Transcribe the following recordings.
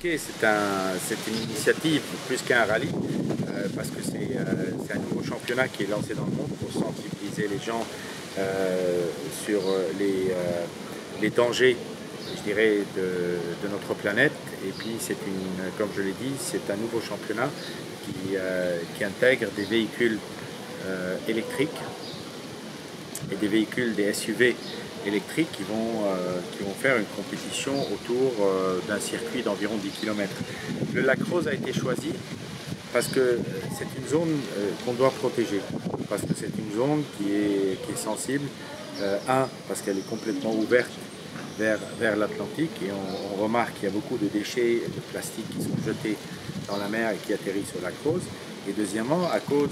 C'est une initiative plus qu'un rallye, euh, parce que euh, c'est un nouveau championnat qui est lancé dans le monde pour sensibiliser les gens euh, sur les, dangers, je dirais, de, notre planète. Et puis, c'est une, comme je l'ai dit, c'est un nouveau championnat qui, qui intègre des véhicules électriques et des véhicules, des SUV électriques qui vont, euh, qui vont faire une compétition autour euh, d'un circuit d'environ 10 km. Le lac Rose a été choisi parce que c'est une zone euh, qu'on doit protéger, parce que c'est une zone qui est, sensible, un, parce qu'elle est complètement ouverte vers, vers l'Atlantique et on, remarque qu'il y a beaucoup de déchets de plastique qui sont jetés dans la mer et qui atterrissent au lac Rose, et deuxièmement, à cause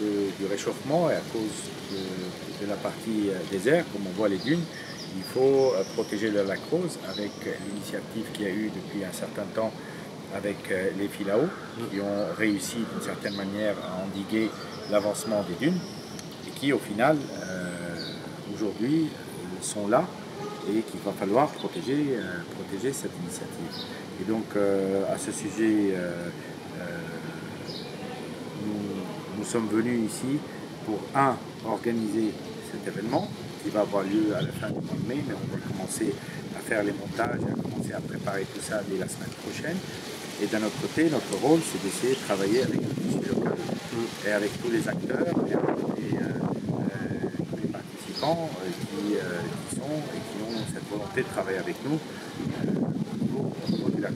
du réchauffement et à cause de de la partie euh, désert, comme on voit les dunes, il faut euh, protéger lac Rose avec euh, l'initiative qu'il y a eu depuis un certain temps avec les Filao, qui ont réussi d'une certaine manière à endiguer l'avancement des dunes et qui au final, aujourd'hui, sont là et qu'il va falloir protéger, protéger cette initiative. Et donc, à ce sujet, nous, nous sommes venus ici pour, un, organiser cet événement qui va avoir lieu à la fin du mois de mai, mais on va commencer à faire les montages et à commencer à préparer tout ça dès la semaine prochaine. Et d'un autre côté, notre rôle, c'est d'essayer de travailler avec mm. et avec tous les acteurs et avec les, euh, euh, les participants euh, qui, sont et qui ont cette volonté de travailler avec nous pour la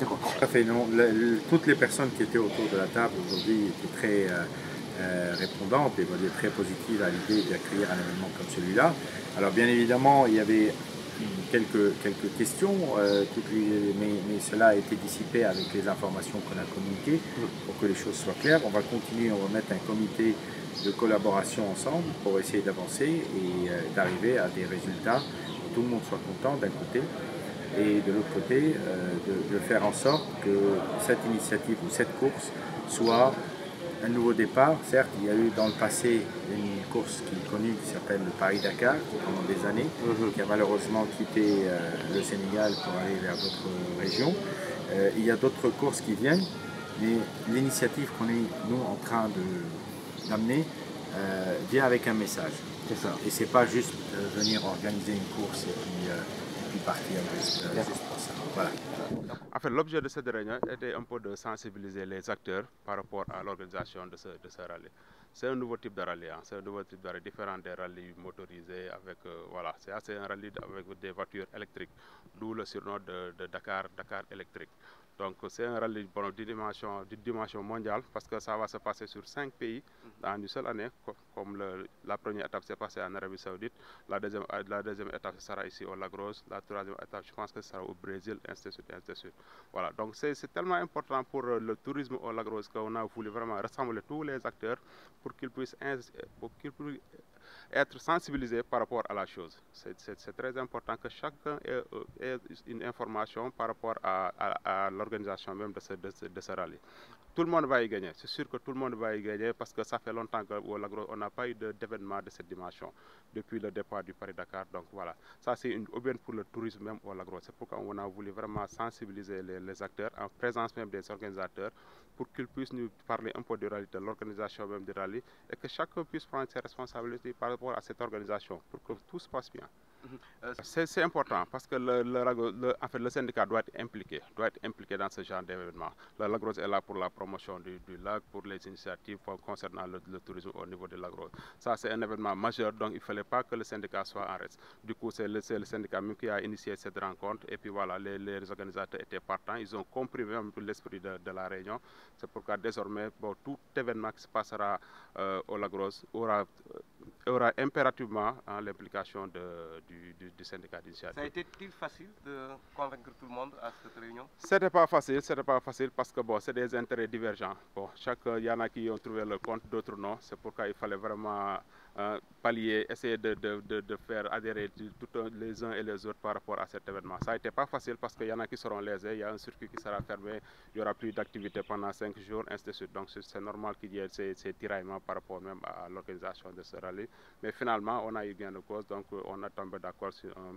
Tout à fait. toutes les personnes qui étaient autour de la table aujourd'hui étaient très... Euh, répondante et très positive à l'idée d'accueillir un événement comme celui-là. Alors bien évidemment, il y avait quelques, quelques questions, euh, mais, cela a été dissipé avec les informations qu'on a communiquées pour que les choses soient claires. On va continuer, on va mettre un comité de collaboration ensemble pour essayer d'avancer et euh, d'arriver à des résultats où tout le monde soit content d'un côté et de l'autre côté de, faire en sorte que cette initiative ou cette course soit un nouveau départ. Certes, il y a eu dans le passé une course qui est connue qui s'appelle le Paris-Dakar, pendant des années, mhm. qui a malheureusement quitté euh, le Sénégal pour aller vers d'autres régions. Euh, il y a d'autres courses qui viennent, mais l'initiative qu'on est, nous, en train d'amener euh, vient avec un message. Ça. Et n'est pas juste venir organiser une course et puis, partir juste, pour l'objet de cette réunion était un peu de sensibiliser les acteurs par rapport à l'organisation de ce, rallye. C'est un nouveau type de rallye, hein. c'est un nouveau type différent des rallyes motorisés. Avec, euh, c'est assez un rallye avec des voitures électriques, d'où le surnom de, de Dakar, Dakar électrique. Donc c'est un rallye de dimension, mondiale parce que ça va se passer sur cinq pays mhm. dans une seule année, comme la première étape s'est passée en Arabie Saoudite, la deuxième, euh, la deuxième étape sera ici au Lagos, la troisième étape je pense que sera au Brésil, ainsi Voilà, donc c'est tellement important pour euh, le tourisme au Lagos qu'on a voulu vraiment rassembler tous les acteurs pour qu'ils puissent, pour qu'ils puissent être sensibilisé par rapport à la chose. C'est très important que chacun euh, ait, une information par rapport à, l'organisation même de ce, de, ce, rallye. Tout le monde va y gagner, c'est sûr que tout le monde va y gagner parce que ça fait longtemps qu'on n'a pas eu d'événement de cette dimension depuis le départ du Paris-Dakar. Donc voilà, ça c'est une aubaine pour le tourisme même au Lagro. C'est pourquoi on a voulu vraiment sensibiliser les, acteurs en présence même des organisateurs pour qu'ils puissent nous parler un peu du rallye, de l'organisation même du rallye et que chacun puisse prendre ses responsabilités par à cette organisation pour que tout se passe bien. Euh, c'est important parce que le, le, syndicat doit être impliqué, doit être impliqué dans ce genre d'événement. La Lagros est là pour la promotion du, du lac, pour les initiatives concernant le, tourisme au niveau de Lagros. Ça, c'est un événement majeur, donc il ne fallait pas que le syndicat soit en reste. Du coup, c'est le, syndicat qui a initié cette rencontre et puis voilà, les, organisateurs étaient partants, ils ont compris même l'esprit de, la région. C'est pourquoi désormais, bon, tout événement qui se passera euh, au Lagrosse aura, aura impérativement hein, l'implication de du, syndicat d'initiative. Ça a été-il facile de convaincre tout le monde à cette réunion C'était pas facile, c'était pas facile parce que bon, c'est des intérêts divergents. Bon, chaque, il euh, y en a qui ont trouvé le compte, d'autres non. C'est pourquoi il fallait vraiment euh, palier, essayer de, de, de, faire adhérer tous les uns et les autres par rapport à cet événement. Ça n'a été pas facile parce qu'il y en a qui seront lésés, il y a un circuit qui sera fermé, il n'y aura plus d'activité pendant cinq jours, ainsi suite. Donc c'est normal qu'il y ait ces, ces, tiraillements par rapport même à l'organisation de ce rallye. Mais finalement, on a eu bien de cause, donc euh, on a tombé d'accord sur un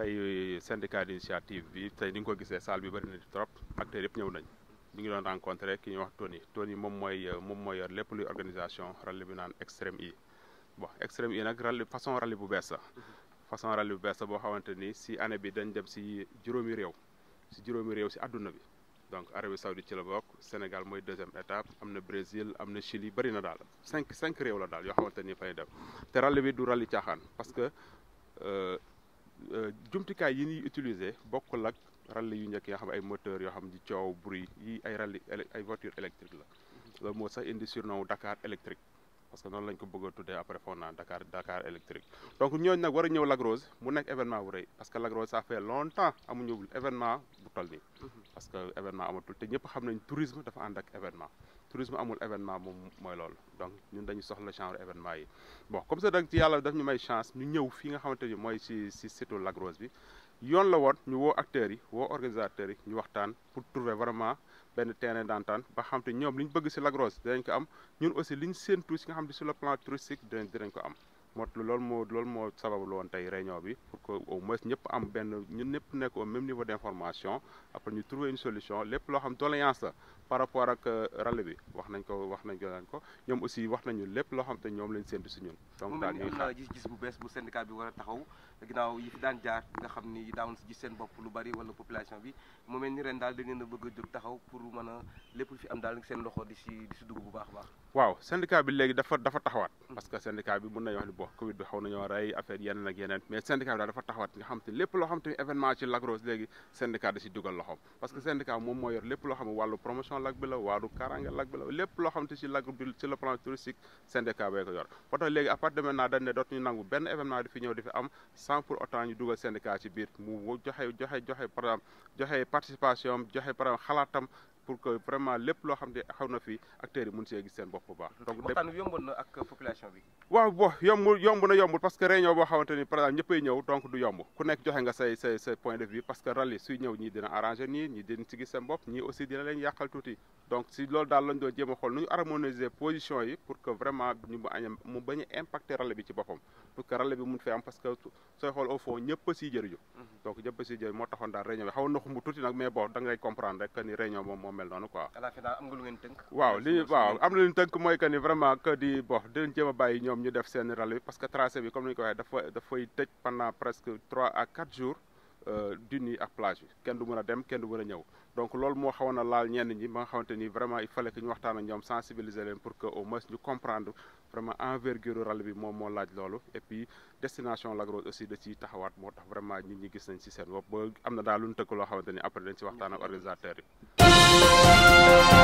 tey syndicat d'initiative bi tey ni nga ko gisee salle bi bëri na trop acteurs yëpp ñëw nañ mi ngi doon rencontré ki ñu wax Tony Tony moom mooy moom mooy yor lépp lu organisation rallye bi naan extrême i e. bon extrême i e nag rallye façon rallye bu bees la façon rallye bu bees la boo xamante ni si année bi dañ dem si juróomi réew si juróomi réew si àdduna bi donc Arabie Saoudite ci la bokk Sénégal mooy deuxième étape am na Brésil am na Chili bëri na daal cinq cinq réew la daal yoo xamante ni fay dem te bi du rallye caaxaan parce que euh, Euh, jumtukaay yi ñuy utiliser bokkul ak rallye yu njëkk yoo xam ay moteur yoo xam di coow bruit yi ay rally ay voiture électrique la mhm. loolu moo sax indi surnom Dakar électrique parce que noonu lañ ko bëgg a tuddee après fond naa Dakar Dakar électrique donc ñooñu nag war a ñëw Lac Rose mu nekk événement bu rëy parce que Lac Rose ça fait longtemps amuñu événement bu toll nii mhm. parce que événement amatul te ñëpp xam nañ tourisme dafa ànd ak événement tourisme amul événement mom moy loolu donc ñun dañu soxla genre événement yi bon comme ça donc ci yalla daf ñu may chance ñu ñew fi nga xamanteni moy ci si si site Lac Rose bi yoon la won ñu wo acteurs yi wo organisateurs yi ñu waxtaan pour trouver vraiment ben terrain d'entente ba xam ñom ñoom bëgg ci Lac Rose dinañ ko am ñun aussi li sentu ci nga xamanteni sur le plan touristique dañ dinañ ko am moo loolu moo loolu moo sabablu woon tey réunion bi pour que au moins am benn ñun ñëpp nekk au niveau d' après ñu trouver une solution lépp loo xam doléance la par rapport ak euh, rale bi wax nañ ko wax nañ ko daan ko ñoom aussi wax nañu lépp loo xam te ñoom lañ séntu si ñun donc daal ñuy xaar euh, gis-gis bu bees bu syndicat bi war a taxaw ginnaaw yi fi daan jaar nga xam ni daawoon si gis seen bopp lu bari wala population bi mu mel ni ren daal bu baax a baax wax Covid bi xaw a rey affaire yeneen ak yeneen mais syndicat bi daal dafa taxawaat nga xam te lépp loo xam te événement ci Lac Rose léegi syndicat da si dugal loxoom parce que syndicat moom moo yor lépp loo xam wàllu promotion Lac bi la wàllu kaaraange Lac bi la lépp loo xam te ci le plan touristique syndicat bee yor ba léegi à partir de maintenant dañ ne dootuñu nangu benn événement di fi ñëw di fi am sans pour autant ñu dugal syndicat ci biir mu joxe joxe pour que vraiment lepp lo xamné xawna fi acteur yi mun see gis seen bopp bu baax. donc waxtaan bi yomboon na ak population bi. waaw bo yombul yomb na yomb parce que réunion bo xamante ni par exemple ñëppay ñëw donc du yomb ku nekk joxe nga say say say point de vue parce que rallye suy ñew ñi dina arranger ñii ñii dina ci gis seen bopp ñii aussi dina leen yakal touti donc si lool dal lañ do jéem xol xool nu ñu harmoniser position yi pour que vraiment ñu bañ mu bañ impacter rallye bi ci bopam pour que rallye bi mu fee am parce que soy xol au fond ñëpp siy jëriñu mhm. donc ñëpp ci jëriñ mo taxon daal réunion bi xawoon na touti nak mais bo da ngay comprendre rek que ni réunion moom moom mel noonu quoi. am nga lu ngeen teunk waaw li waaw am na lu ñu tënk mooy que ni vraiment que di bon dinañ jéem a bàyyi ñoom ñu def sen rally parce que tracé bi comme ni ñu ko waxee dafa dafay tëj pendant presque 3 à 4 jours. euh duni à plage bi du mëna dem kenn du mëna a ñëw donc lool mo xawoon laal ñenn ñi ba nga ni vraiment il fallait que ñu waxtaan ak ñoom sensibiliser leen pour que au moins ñu comprendre vraiment envergure ràll bi moom moo laaj loolu et puis destination Lac aussi da ciy taxawaat moo tax vraiment nit ñi gis nañ ci seen bopp ba am na daal lu ñu tëkk loo xamante ni après dañ ci waxtaan ak mm-hmm. organisateurs yi.